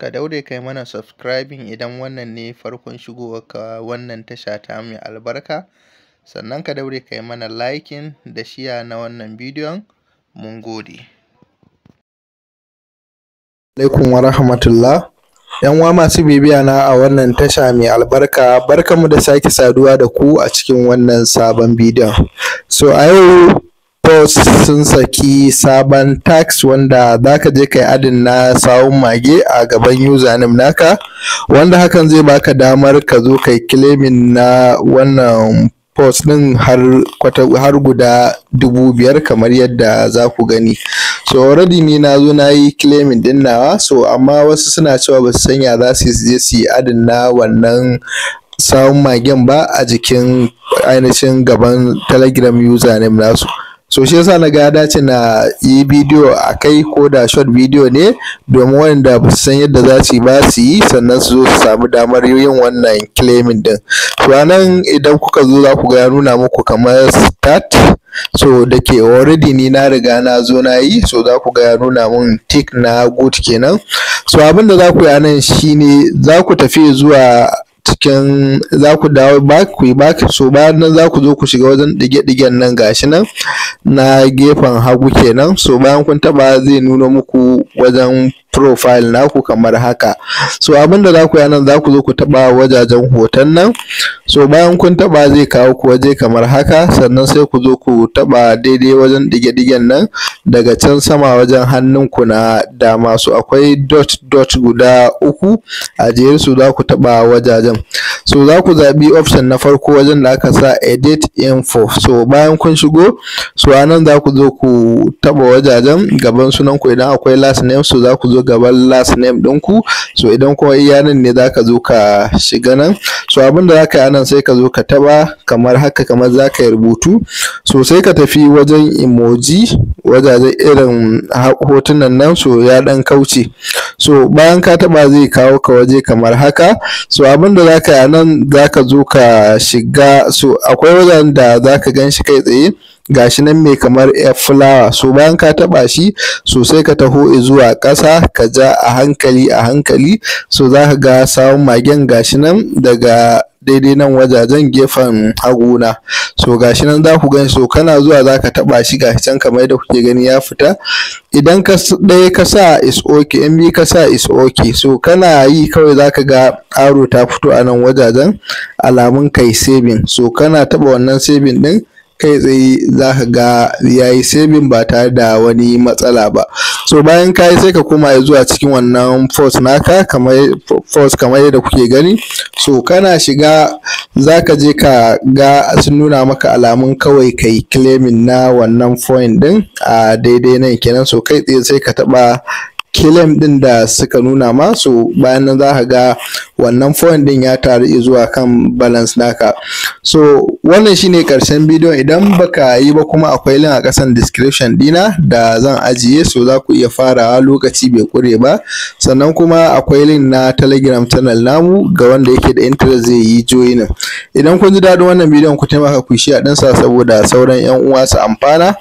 ka daure kai mana subscribing idan wannan ne farkon shigowarka wannan tasha ta mai albarka sannan ka daure kai mana liking da shiya na wannan bidiyon mun gode alaikum wa rahmatullah yan uwa masu bibiya na a wannan tasha mai albarka barkamu da sake saduwa da ku a cikin wannan sabon bidiyon so a yau Boss sun saki sabon tax wanda za ka je kai adin na sawun mage a gaban username naka wanda hakan zai baka damar ka zo kai claiming na wannan post din har kwata har guda dubu biyar kamar yadda za ku gani so already ni na zo na yi claiming din nawa so amma wasu suna cewa ba su sanya za su je su yi adin na wannan sawun magen ba a jikin ainihin gaban telegram username nasu so shi yasa na ga ya dace na yi bidiyo a kai ko da short bidiyo ne domin wanda ba su san yadda za su yi ba su yi sannan su zo su samu damar yin wannan claimin din to anan idan kuka zo za ku ga ya nuna muku kamar start so da ke already ni na riga na zo na yi so za ku ga nuna mun tick na good kenan so abin da za ku yi anan shine za ku tafi zuwa cikin za ku dawo bak ku yi back so bayan nan za ku zo ku shiga wajen ɗige-ɗigen nan gashi nan na gefen hagu kenan so bayan kun taba zai nuna muku wajen profile naku kamar haka so abinda za ku yi nan za ku zo ku taɓa wajajen hoton nan so bayan kun taɓa zai kawo ku waje kamar haka sannan sai ku zo ku taɓa daidai wajen ɗige-ɗigen nan daga can sama wajen hannunku na dama su akwai dot dot guda uku a su za ku taɓa wajajen so za ku zaɓi option na farko wajen da aka sa edit info so bayan kun shigo so a nan za ku zo ku taɓa wajajen gaban sunanku idan akwai last name so za ku zo gaban last name ɗinku so idan kuma iyalin ne za ka zo ka shiga nan so abin da za ka yi nan sai ka zo ka taɓa kamar haka kamar za ka rubutu so sai ka tafi wajen emoji wajajen irin hotunan nan so ya ɗan kauce so bayan ka taba zai kawo ka waje kamar haka so abin da zaka yi nan zaka zo ka shiga so akwai wajen da zaka gan shi kai tsaye gashi nan mai kamar yar fulawa so bayan ka taɓa shi so sai ka taho zuwa ƙasa ka ja a hankali a hankali so zaka ga sawun magen gashi nan daga daidai nan wajajen gefen hagu na so gashi nan za ku gani so kana zuwa za ka taɓa shi gashi can kamar yadda kuke gani ya fita idan ka ɗaya ka sa is ok in bi ka sa is ok so kana yi kawai za ka ga aro ta fito a nan wajajen alamun kai saving so kana taba wannan saving ɗin kai tsaye za ka ga ya yi saving ba tare da wani matsala ba so bayan ka yi sai ka koma zuwa cikin wannan fort naka kamar fort kamar yadda kuke gani so kana shiga za ka je ka ga sun nuna maka alamun kawai kai claiming na wannan point din a daidai nan kenan so kai tsaye sai ka taba claim din da suka nuna ma so bayan nan za ka ga wannan point din ya taru zuwa kan balance naka so wannan shine karshen bidiyon idan baka yi ba kuma akwai link a kasan description dina da zan ajiye so za ku iya farawa lokaci bai kure ba sannan kuma akwai link na telegram channel namu ga wanda yake da interest zai yi joinin idan kun ji daɗin wannan bidiyon ku taimaka ku shi a ɗinsa saboda sauran 'yan uwa su amfana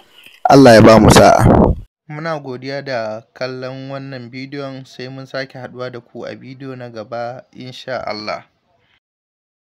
Allah ya ba mu sa'a Muna godiya da kallon wannan bidiyon, sai mun sake haɗuwa da ku a bidiyo na gaba, in Allah.